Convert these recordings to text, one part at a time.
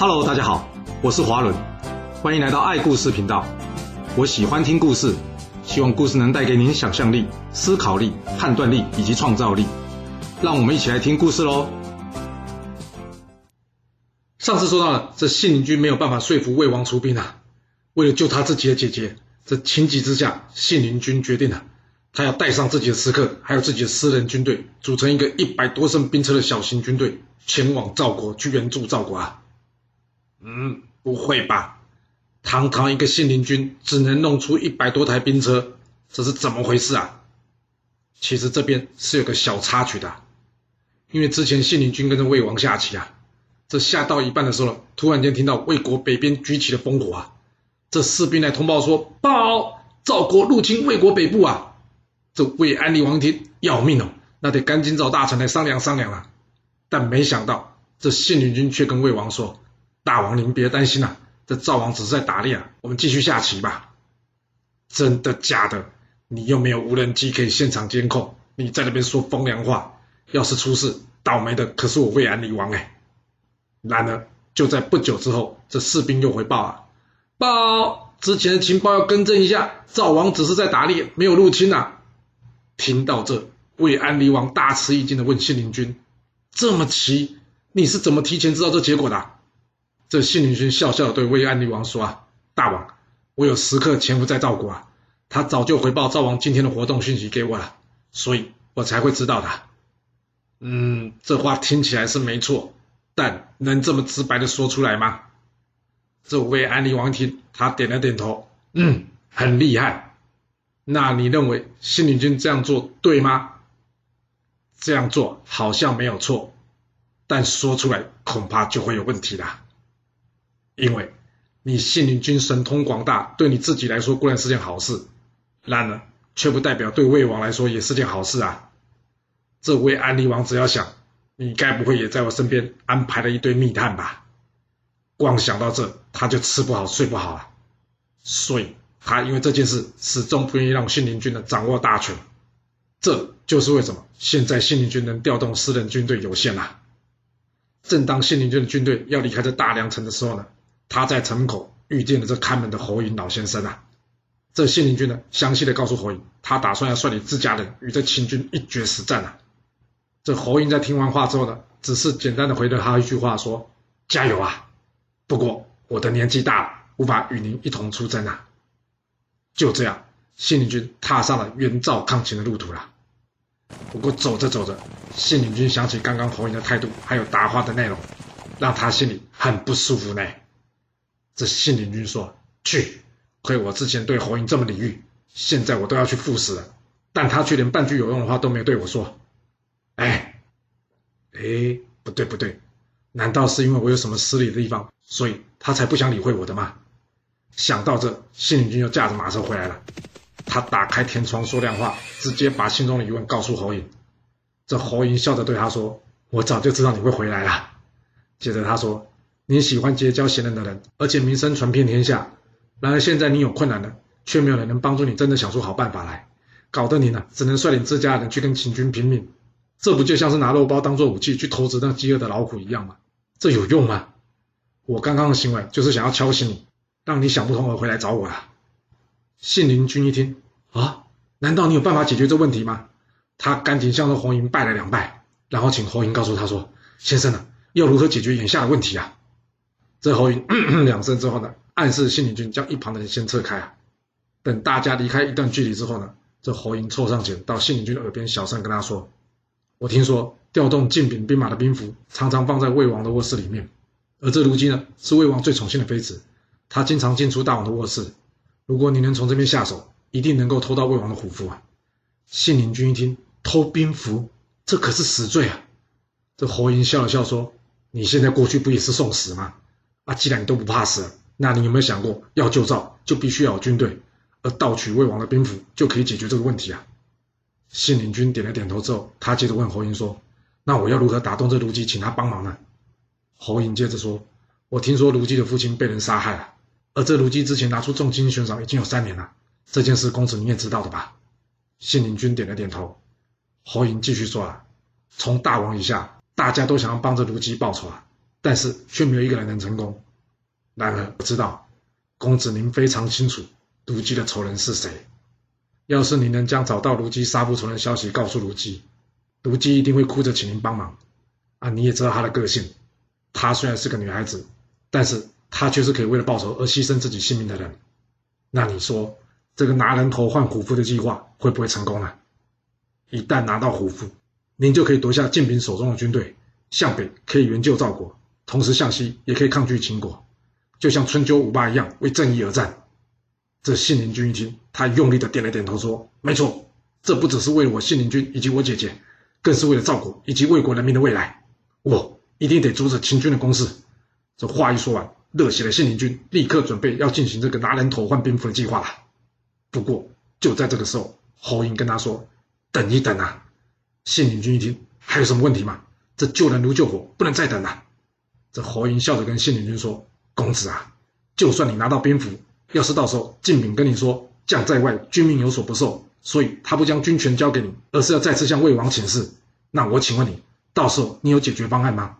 Hello，大家好，我是華倫，歡迎來到愛故事頻道。我喜歡聽故事，希望故事能帶給您想象力、思考力、判斷力以及創造力。讓我們一起來聽故事嘍。上次說到了，這信陵君沒有辦法說服魏王出兵啊。為了救他自己的姐姐，這情急之下，信陵君決定了，啊，他要帶上自己的食客，還有自己的私人軍隊，組成一個一百多乘兵車的小型軍隊，前往趙國去援助趙國啊。嗯，不會吧？堂堂一個信陵君，只能弄出一百多台兵車，這是怎麼回事啊？其實這邊是有個小插曲的，因為之前信陵君跟着魏王下棋啊，這下到一半的時候突然間聽到魏國北邊舉起了烽火啊，這士兵來通報說，報，趙國入侵魏國北部啊！這魏安釐王聽要命了，哦，那得趕緊找大臣來商量商量啊，但沒想到，這信陵君卻跟魏王說。大王，您別擔心啦，啊，這趙王只是在打獵，啊，我們繼續下棋吧。真的假的？你又沒有無人機可以現場監控，你在那邊說風涼話，要是出事，倒霉的可是我魏安釐王哎。然而，就在不久之後，這士兵又回報啊，報，之前的情報要更正一下，趙王只是在打獵，沒有入侵吶，啊。聽到這，魏安釐王大吃一驚的問信陵君：“這麼奇，你是怎麼提前知道這結果的？”這信陵君笑笑的對魏安釐王說：“啊，大王，我有食客潛伏在趙國啊，他早就回報趙王今天的活動信息給我了，所以我才會知道的。嗯，這話聽起來是沒錯，但能這麼直白的說出來嗎？”這魏安釐王一聽，他點了點頭：“嗯，很厲害。那你認為信陵君這樣做對嗎？這樣做好像沒有錯，但說出來恐怕就會有問題啦。”因為，你信陵君神通廣大，對你自己來說固然是件好事，然而卻不代表對魏王來說也是件好事啊！這位安陵王只要想，你該不會也在我身邊安排了一堆密探吧？光想到這，他就吃不好睡不好了，啊。所以，他因為這件事始終不願意讓信陵君的掌握大權。這就是為什麼現在信陵君能調動私人軍隊有限啊。正當信陵君的軍隊要離開這大梁城的時候呢，他在城門口遇見了這看門的侯嬴老先生啊，這信陵君呢，詳細的告訴侯嬴，他打算要率領自家人與這秦軍一決死戰啊。這侯嬴在聽完話之後呢，只是簡單的回了他一句話說：“加油啊！不過我的年紀大了，無法與您一同出征啊。”就這樣，信陵君踏上了援趙抗秦的路途了。不過走着走着，信陵君想起剛剛侯嬴的態度還有答話的內容，讓他心裡很不舒服呢。這信陵君說：“去，虧我之前對侯嬴這麼禮遇，現在我都要去赴死了，但他卻連半句有用的話都沒對我說。”哎，哎，不對不對，難道是因為我有什麼失禮的地方，所以他才不想理會我的嗎？想到這，信陵君又駕着馬車回來了。他打開天窗說亮話，直接把心中的疑問告訴侯嬴。這侯嬴笑着對他說：“我早就知道你會回來啦。”接着他說。你喜歡結交賢人的人，而且名聲傳遍天下。然而現在你有困難了，卻沒有人能幫助你，真的想出好辦法來，搞得你呢只能率領自家人去跟秦軍拼命，這不就像是拿肉包當作武器去投擲那飢餓的老虎一樣嗎？這有用嗎？我剛剛的行為就是想要敲醒你，讓你想不通而回來找我了。”信陵君一聽，啊，難道你有辦法解決這問題嗎？他趕緊向着侯贏拜了兩拜，然後請侯贏告訴他說：“先生啊，要如何解決眼下的問題啊？”這侯嬴，兩聲之後呢，暗示信陵君將一旁的人先撤開啊。等大家離開一段距離之後呢，這侯嬴湊上前，到信陵君的耳邊小聲跟他說：“我聽說調動晉鄙兵，兵馬的兵符常常放在魏王的臥室裡面，而這如今呢是魏王最寵幸的妃子，她經常進出大王的臥室。如果你能從這邊下手，一定能夠偷到魏王的虎符啊。”信陵君一聽偷兵符，這可是死罪啊！這侯嬴笑了笑說：“你現在過去不也是送死嗎？”啊，既然你都不怕死，那你有沒有想過，要救趙就必須要有軍隊，而盜取魏王的兵符就可以解決這個問題啊？信陵君點了點頭之後，他接着問侯嬴說：“那我要如何打動這如姬，請他幫忙呢？”侯嬴接着說：“我聽說如姬的父親被人殺害了，而這如姬之前拿出重金懸賞已經有三年了，這件事公子你也知道的吧？”信陵君點了點頭。侯嬴繼續說：“啊，從大王以下，大家都想要幫着如姬報仇啊。”但是卻沒有一個人能成功。然而，我知道，公子您非常清楚，如姬的仇人是誰。要是您能將找到如姬殺父仇人的消息告訴如姬，如姬一定會哭着請您幫忙。啊，你也知道她的個性，她雖然是個女孩子，但是她卻是可以為了報仇而犧牲自己性命的人。那你說，這個拿人頭換虎符的計劃會不會成功呢、啊？一旦拿到虎符，您就可以奪下晉鄙手中的軍隊，向北可以援救趙國。同時向西也可以抗拒秦國，就像春秋五霸一樣為正義而戰。這信陵君一聽，他用力的點了點頭，說：“沒錯，這不只是為了我信陵君以及我姐姐，更是為了趙國以及魏國人民的未來。我、哦、一定得阻止秦軍的攻勢。”這話一說完，熱血的信陵君立刻準備要進行這個拿人頭換兵符的計劃了。不過就在這個時候，侯嬴跟他說：“等一等啊！”信陵君一聽，還有什麼問題嗎？這救人如救火，不能再等了、啊。這侯嬴笑着跟信陵君說：“公子啊，就算你拿到兵符，要是到時候晉鄙跟你說‘將在外，君命有所不受’，所以他不將軍權交給你，而是要再次向魏王請示。那我請問你，到時候你有解決方案嗎？”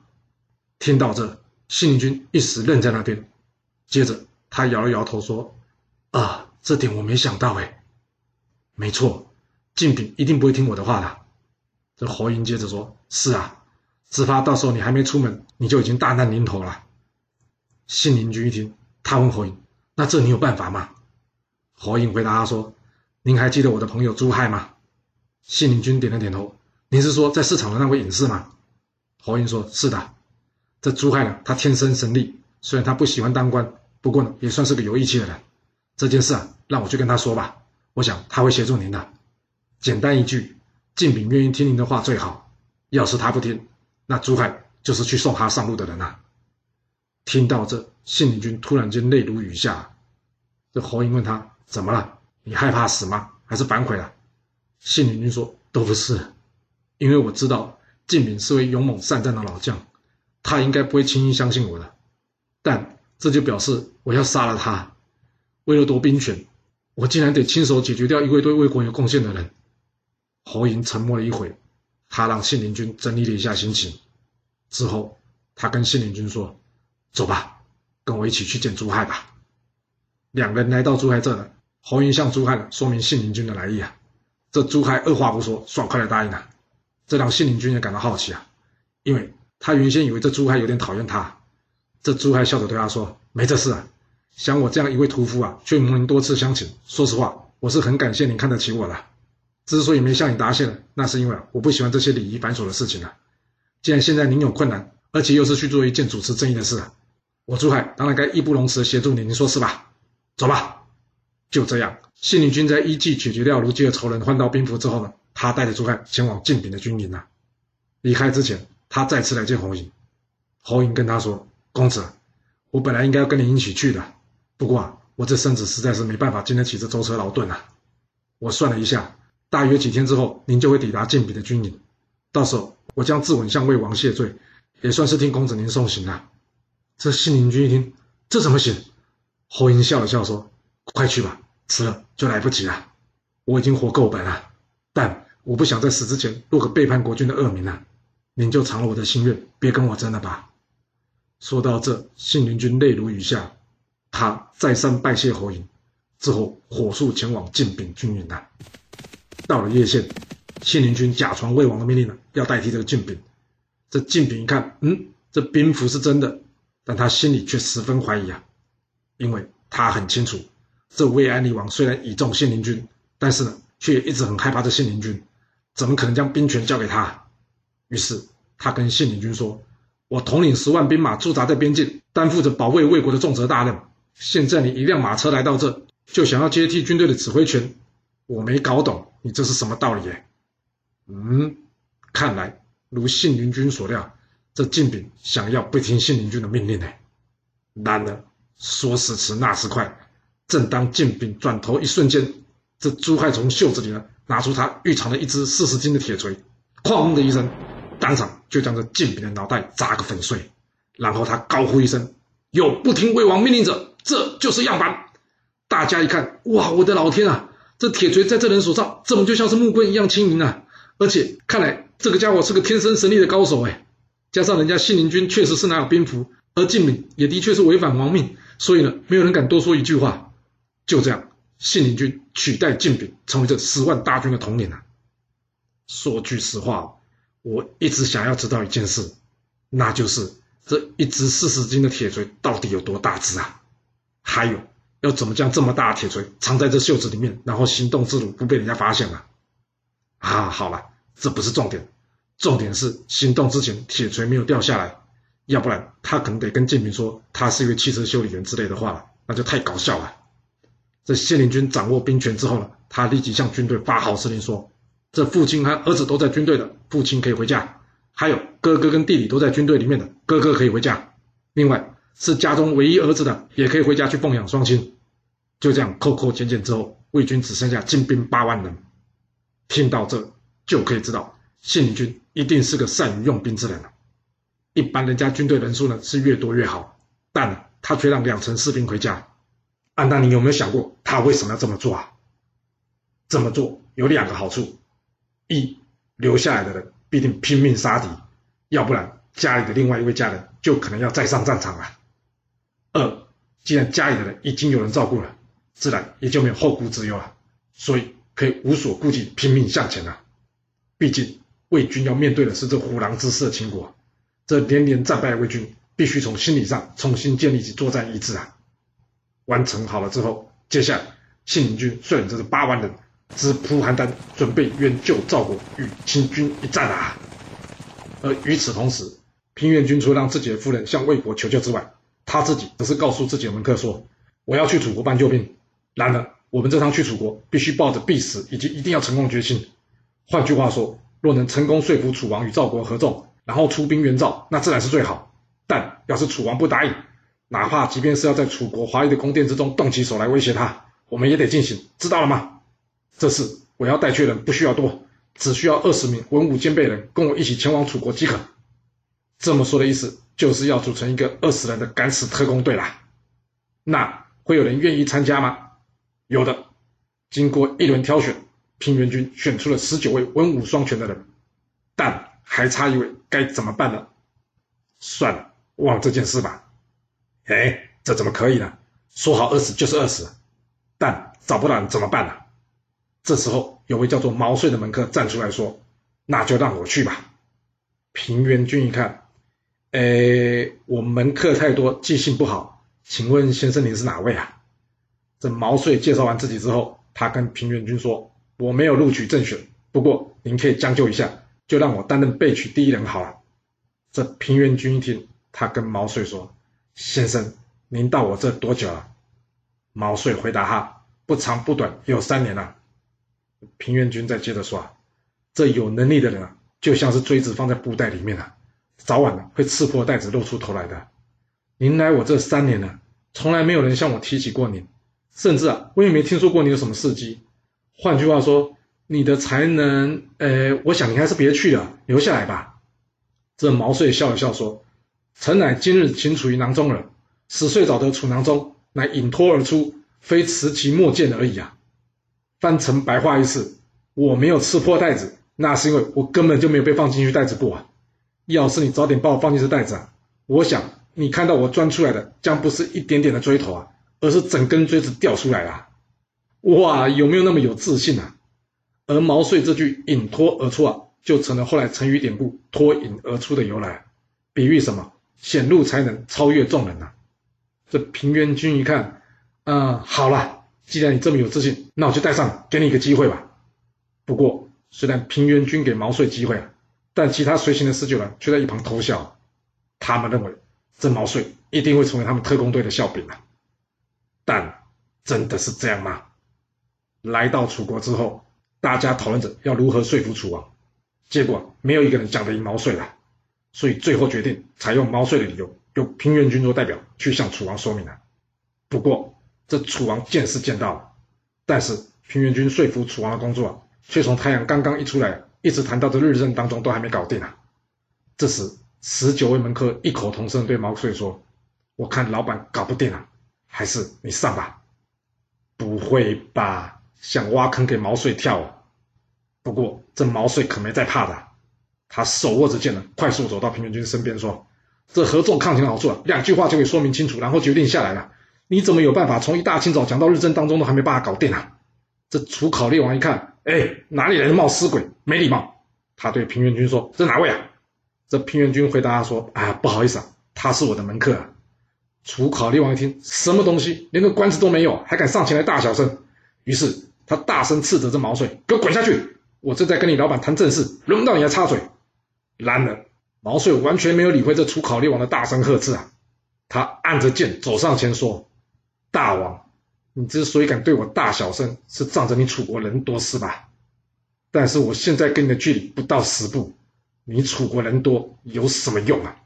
聽到這，信陵君一時愣在那邊，接着他搖了搖頭說：“啊、呃，這點我沒想到誒。沒錯，晉鄙一定不會聽我的話的。”這侯嬴接着說：“是啊。”只怕到時候你還沒出門，你就已經大難臨頭了。信陵君一聽，他問侯贏：“那這你有辦法嗎？”侯贏回答他說：“您還記得我的朋友朱亥嗎？”信陵君點了點頭。“您是說在市場的那位隱士嗎？”侯贏說：“是的。這朱亥呢，他天生神力，雖然他不喜歡當官，不過呢，也算是個有義氣的人。這件事啊，讓我去跟他說吧。我想他會協助您的。簡單一句，晉鄙願意聽您的話最好。要是他不聽，”那朱亥就是去送他上路的人吶、啊！聽到這，信陵君突然間淚如雨下。這侯嬴問他：“怎麼了？你害怕死嗎？還是反悔了？”信陵君說：“都不是，因為我知道晉鄙是位勇猛善戰的老將，他應該不會輕易相信我的。但這就表示我要殺了他。為了奪兵權，我竟然得親手解決掉一位對魏國有貢獻的人。”侯嬴沉默了一會。他讓信陵君整理了一下心情，之後，他跟信陵君說：“走吧，跟我一起去見朱亥吧。”兩個人來到朱亥這紅雲了，侯嬴向朱亥說明信陵君的來意啊。這朱亥二話不說，爽快地答應了啊。這讓信陵君也感到好奇啊，因為他原先以為這朱亥有點討厭他。這朱亥笑着對他說：“沒這事啊，像我這樣一位屠夫啊，卻蒙您多次相請，說實話，我是很感謝您看得起我的。”之所以沒向你答謝了，那是因為我不喜歡這些禮儀繁瑣的事情了。既然現在您有困難，而且又是去做一件主持正義的事啊，我朱亥當然該義不容辭協助你，您說是吧？走吧，就這樣。信陵君在一計解決掉如姬的仇人，換到兵符之後呢，他帶着朱亥前往晉鄙的軍營了。離開之前，他再次來見侯嬴，侯嬴跟他說：“公子，我本來應該要跟你一起去的，不過啊，我這身子實在是沒辦法，經得起這舟車勞頓啊。我算了一下。”大約幾天之後，您就會抵達晉鄙的軍營，到時候我將自刎向魏王謝罪，也算是替公子您送行了啊。這信陵君一聽，這怎麼行？侯嬴笑了笑說：“快去吧，遲了就來不及了。我已經活夠本了，但我不想在死之前落個背叛國君的惡名了啊！您就償了我的心願，別跟我爭了吧。”說到這，信陵君淚如雨下，他再三拜謝侯嬴，之後火速前往晉鄙軍營了啊。到了鄴縣，信陵君假傳魏王的命令呢，要代替這個晉鄙。這晉鄙一看，嗯，這兵符是真的，但他心裡卻十分懷疑啊，因為他很清楚，這魏安釐王雖然倚重信陵君，但是呢，卻也一直很害怕這信陵君，怎麼可能將兵權交給他？於是他跟信陵君說：“我統領十萬兵馬駐紮在邊境，擔負着保衛魏國的重責大任。現在你一輛馬車來到這，就想要接替軍隊的指揮權。”我沒搞懂你這是什麼道理？耶？嗯，看來如信陵君所料，這晉鄙想要不聽信陵君的命令呢。然了，說時遲，那時快，正當晉鄙轉頭一瞬間，這朱亥從袖子裡呢拿出他預藏的一只四十斤的鐵錘，哐的一聲，當場就將這晉鄙的腦袋砸個粉碎。然後他高呼一聲：“有不聽魏王命令者，這就是樣板！”大家一看，哇，我的老天啊！這鐵錘在這人手上，怎麼就像是木棍一樣輕盈啊，而且看來這個家伙是個天生神力的高手哎。加上人家信陵君確實是拿有兵符，而晉鄙也的確是違反王命，所以呢，沒有人敢多說一句話。就這樣，信陵君取代晉鄙成為這十萬大軍的統領啊。說句實話，我一直想要知道一件事，那就是這一支四十斤的鐵錘到底有多大勁？啊，還有。要怎麼將這麼大的鐵錘藏在這袖子裡面，然後行動自如不被人家發現啊？啊，好了，這不是重點，重點是行動之前鐵錘沒有掉下來，要不然他可能得跟晉鄙說他是一位汽車修理員之類的話了，那就太搞笑了。這信陵君掌握兵權之後呢，他立即向軍隊發號施令說：這父親和兒子都在軍隊的父親可以回家，還有哥哥跟弟弟都在軍隊裡面的哥哥可以回家，另外。是家中唯一兒子的，也可以回家去奉養雙親。就這樣扣扣減減之後，魏軍只剩下精兵八萬人。聽到這，就可以知道信陵君一定是個善於用兵之人了。一般人家軍隊人數呢是越多越好，但他卻讓兩成士兵回家。安、啊、大，你有沒有想過他為什麼要這麼做啊？這麼做有兩個好處：一，留下來的人必定拼命殺敵，要不然家裡的另外一位家人就可能要再上戰場了。二，既然家裡的人已經有人照顧了，自然也就沒有後顧之憂了，所以可以無所顧忌，拼命向前了啊。畢竟魏軍要面對的是這虎狼之師的秦國，這連連戰敗，魏軍必須從心理上重新建立起作戰意志啊！完成好了之後，接下來信陵君率領這八萬人，直撲邯鄲，準備援救趙國，與秦軍一戰啊！而與此同時，平原君除了讓自己的夫人向魏國求救之外，他自己只是告訴自己的門客說：“我要去楚國搬救兵，然而我們這趟去楚國必須抱着必死以及一定要成功的決心。換句話說，若能成功說服楚王與趙國合縱，然後出兵援趙，那自然是最好。但要是楚王不答應，哪怕即便是要在楚國華麗的宮殿之中動起手來威脅他，我們也得進行。知道了嗎？這次我要帶去的人，不需要多，只需要二十名文武兼備的人，跟我一起前往楚國即可。”這麼說的意思就是要組成一個二十人的敢死特工隊啦，那會有人願意參加嗎？有的。經過一輪挑選，平原君選出了十九位文武雙全的人，但還差一位，該怎麼辦呢？算了，忘了這件事吧。哎，這怎麼可以呢？說好二十就是二十，但找不到人怎麼辦呢、啊？這時候有位叫做毛遂的門客站出來說：“那就讓我去吧。”平原君一看。哎，我門客太多，記性不好。請問先生，您是哪位啊？這毛遂介紹完自己之後，他跟平原君說：“我沒有錄取正選，不過您可以將就一下，就讓我擔任備取第一人好了。”這平原君一聽，他跟毛遂說：“先生，您到我這多久了？”毛遂回答他：“不長不短，有三年了。”平原君再接着說：“這有能力的人啊，就像是錐子放在布袋裡面啊。”早晚會刺破袋子露出頭來的。您來我這三年了，從來沒有人向我提起過您，甚至啊，我也沒聽說過你有什麼事蹟。換句話說，你的才能，呃，我想你還是別去了，留下來吧。這毛遂笑了笑說：“臣乃今日請處於囊中耳，使遂早得處囊中，乃穎脫而出，非特其末見而已啊。翻成白話意思，我沒有刺破袋子，那是因為我根本就沒有被放進去袋子過啊。”要是你早點把我放進這袋子、啊，我想你看到我鑽出來的將不是一點點的錐頭啊，而是整根錐子掉出來了、啊。哇，有沒有那麼有自信啊？而毛遂這句穎脫而出啊，就成了後來成語典故脫穎而出的由來，比喻什麼顯露才能，超越眾人啊。這平原君一看，嗯，好啦，既然你這麼有自信，那我就帶上，給你一個機會吧。不過，雖然平原君給毛遂機會、啊。但其他隨行的十九人卻在一旁偷笑，他們認為這毛遂一定會成為他們特工隊的笑柄啊！但真的是這樣嗎？來到楚國之後，大家討論着要如何說服楚王，結果沒有一個人講得贏毛遂了，所以最後決定採用毛遂的理由，由平原君做代表去向楚王說明了。不過這楚王見是見到了，但是平原君說服楚王的工作。卻從太陽剛剛一出來，一直談到的日正當中都還沒搞定啊！這時，十九位門客異口同聲對毛遂說：“我看老闆搞不定了，還是你上吧。”不會吧？想挖坑給毛遂跳啊？不過這毛遂可沒在怕的，他手握着劍呢，快速走到平原君身邊說：“這合作抗秦的好處啊，兩句話就可以說明清楚，然後決定下來了。你怎麼有辦法從一大清早講到日正當中都還沒辦法搞定啊？”這楚考烈王一看，哎，哪裡來的冒失鬼，沒禮貌！他對平原君說：“這哪位啊？”這平原君回答他說：“啊、哎，不好意思啊，他是我的門客啊。”楚考烈王一聽，什麼東西，連個官職都沒有，還敢上前來大小聲？於是他大聲斥責這毛遂：“給我滾下去！我正在跟你老板談正事，輪不到你來插嘴！”然而，毛遂完全沒有理會這楚考烈王的大聲呵斥啊，他按着劍走上前說：“大王。”你之所以敢對我大小聲，是仗着你楚國人多是吧？但是我現在跟你的距離不到十步，你楚國人多有什麼用啊？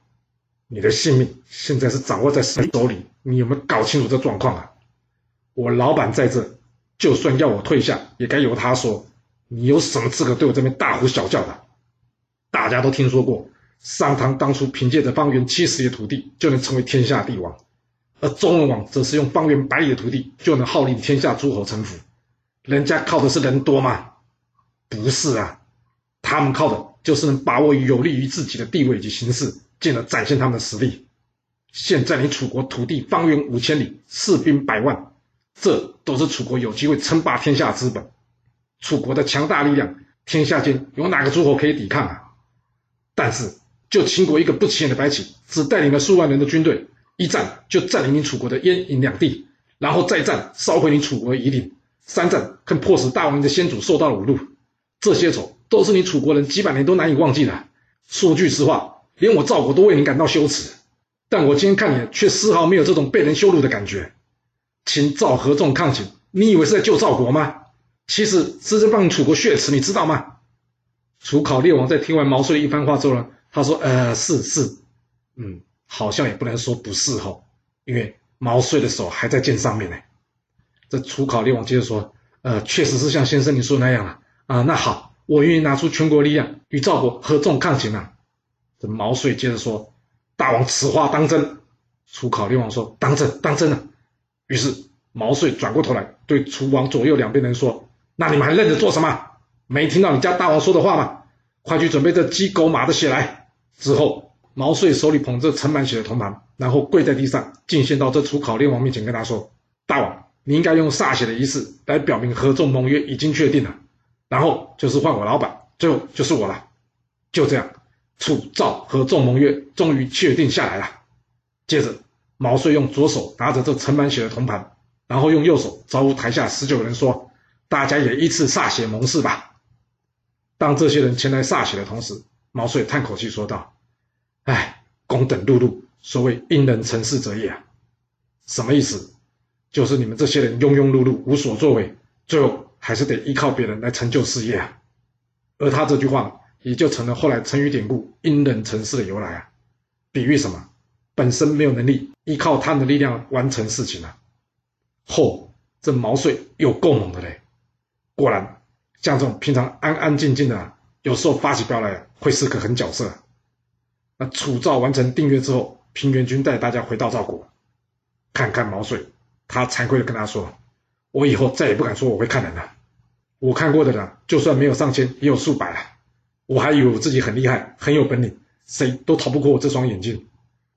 你的性命現在是掌握在誰手裡？你有沒有搞清楚這狀況啊？我老闆在這，就算要我退下，也該由他說。你有什麼資格對我這邊大呼小叫的？大家都聽說過，商湯當初憑借着方圓七十里的土地，就能成為天下帝王。而周文王則是用方圓百里的土地就能號令天下諸侯臣服，人家靠的是人多嗎？不是啊，他們靠的就是能把握有利於自己的地位以及形勢，進而展現他們的實力。現在你楚國土地方圓五千里，士兵百萬，這都是楚國有機會稱霸天下資本。楚國的強大力量，天下間有哪個諸侯可以抵抗啊？但是就秦國一個不起眼的白起，只帶領了數萬人的軍隊。一戰就佔領你楚國的鄢郢兩地，然後再戰燒毀你楚國夷陵，三戰更迫使大王的先祖受到了侮辱，這些仇都是你楚國人幾百年都難以忘記的。說句實話，連我趙國都為你感到羞恥。但我今天看你卻絲毫沒有這種被人羞辱的感覺。秦趙合縱抗秦，你以為是在救趙國嗎？其實是在幫楚國雪恥，你知道嗎？楚考烈王在聽完毛遂一番話之後呢，他說：“呃，是是，嗯。”好像也不能說不是吼，因為毛遂的手還在劍上面呢。這楚考烈王接着說：“呃，確實是像先生你說的那樣啊。呃”啊，那好，我願意拿出全國力量與趙國合縱抗秦啊。這毛遂接着說：“大王此話當真？”楚考烈王說：“當真，當真啊。”於是毛遂轉過頭來對楚王左右兩邊人說：“那你們還愣着做什麼？沒聽到你家大王說的話嗎？快去準備這雞、狗、馬的血來。”之後。毛遂手裡捧着盛滿血的銅盤，然後跪在地上進獻到這楚考烈王面前，跟他說：“大王，你應該用歃血的儀式來表明合縱盟約已經確定了。”然後就是換我老板，最後就是我了。就這樣，楚趙合縱盟約終於確定下來了。接着，毛遂用左手拿着這盛滿血的銅盤，然後用右手招呼台下十九個人說：“大家也依次歃血盟誓吧。”當這些人前來歃血的同時，毛遂嘆口氣說道。哎，公等碌碌，所謂因人成事者也啊，什麼意思？就是你們這些人庸庸碌碌，無所作為，最後還是得依靠別人來成就事業啊。而他這句話也就成了後來成語典故“因人成事”的由來啊，比喻什麼？本身沒有能力，依靠他的力量完成事情啊。嚯，這毛遂有夠猛的嘞！果然，像這種平常安安靜靜的啊，有時候發起飆來會是個狠角色啊。那楚趙完成訂約之後，平原君帶大家回到趙國，看看毛遂。他慚愧地跟他說：“我以後再也不敢說我會看人了。我看過的人，就算沒有上千，也有數百啊。我還以為我自己很厲害，很有本領，誰都逃不過我這雙眼睛。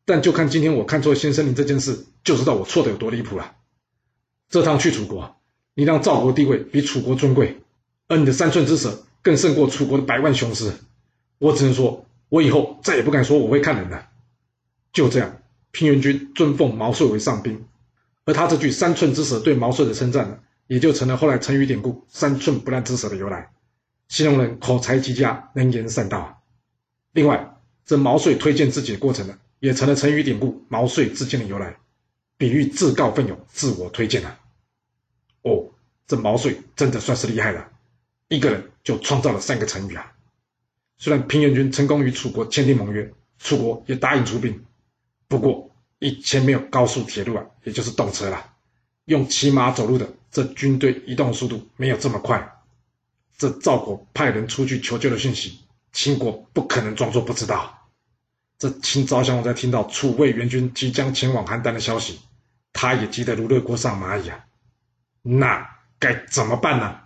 但就看今天我看錯先生您這件事，就知道我錯的有多離譜了啊。這趟去楚國，你讓趙國地位比楚國尊貴，而你的三寸之舌更勝過楚國的百萬雄師。我只能說。”我以後再也不敢說我會看人了。就這樣，平原君尊奉毛遂為上賓，而他這句三寸之舌對毛遂的稱讚呢，也就成了後來成語典故“三寸不爛之舌”的由來，形容人口才極佳，能言善道。另外，這毛遂推薦自己的過程呢，也成了成語典故“毛遂自薦”的由來，比喻自告奮勇、自我推薦啊。哦，這毛遂真的算是厲害了，一個人就創造了三個成語啊。雖然平原君成功與楚國簽訂盟約，楚國也答應出兵，不過以前沒有高速鐵路啊，也就是動車啦，用騎馬走路的，這軍隊移動速度沒有這麼快。這趙國派人出去求救的訊息，秦國不可能裝作不知道。這秦昭襄王在聽到楚魏援軍即將前往邯鄲的消息，他也急得如熱鍋上螞蟻啊，那該怎麼辦呢？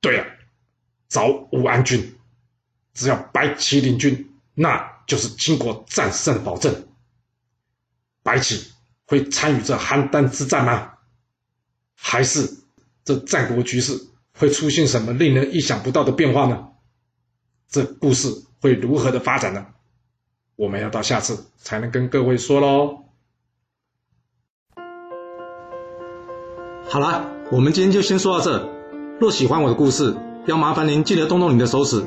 對呀、啊，找武安君。只要白起領軍，那就是秦國戰勝的保證。白起會參與這邯鄲之戰嗎？還是這戰國局勢會出現什麼令人意想不到的變化呢？這故事會如何的發展呢？我們要到下次才能跟各位說嘍。好了，我們今天就先說到這。若喜歡我的故事，要麻煩您記得動動你的手指。